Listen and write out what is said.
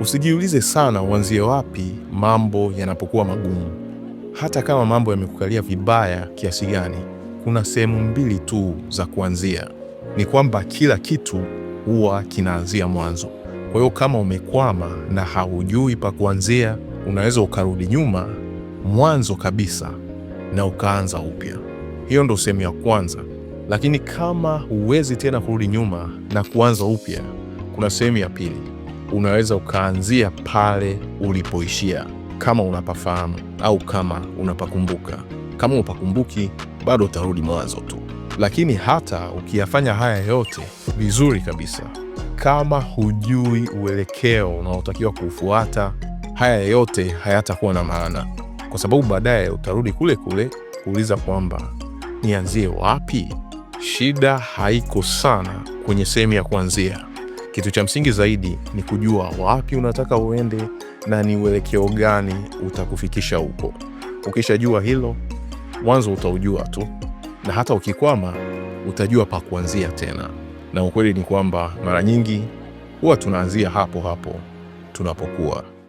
Usijiulize sana uanzie wapi mambo yanapokuwa magumu. Hata kama mambo yamekukalia vibaya kiasi gani, kuna sehemu mbili tu za kuanzia. Ni kwamba kila kitu huwa kinaanzia mwanzo. Kwa hiyo kama umekwama na haujui pa kuanzia, unaweza ukarudi nyuma mwanzo kabisa na ukaanza upya. Hiyo ndo sehemu ya kwanza. Lakini kama huwezi tena kurudi nyuma na kuanza upya, kuna sehemu ya pili unaweza ukaanzia pale ulipoishia kama unapafahamu au kama unapakumbuka. Kama upakumbuki, bado utarudi mwanzo tu. Lakini hata ukiyafanya haya yote vizuri kabisa, kama hujui uelekeo unaotakiwa kuufuata, haya yote hayatakuwa na maana, kwa sababu baadaye utarudi kule kule kuuliza kwamba nianzie wapi? Shida haiko sana kwenye sehemu ya kuanzia kitu cha msingi zaidi ni kujua wapi unataka uende na ni uelekeo gani utakufikisha huko. Ukishajua hilo, mwanzo utaujua tu, na hata ukikwama utajua pa kuanzia tena. Na ukweli ni kwamba mara nyingi huwa tunaanzia hapo hapo tunapokuwa.